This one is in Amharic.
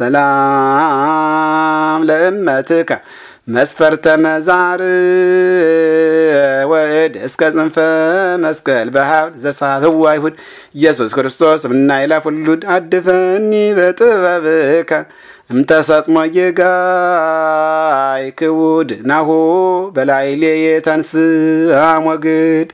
ሰላም ለእመትከ መስፈርተ መዛር ወእድ እስከ ጽንፈ መስቀል በሀብድ ዘሳህዋ ይሁድ ኢየሱስ ክርስቶስ እምናይላ ፍሉድ አድፈኒ በጥበብከ እምተሰጥሞ ጌጋይ ክቡድ ናሁ በላይሌ የተንስአ ሞግድ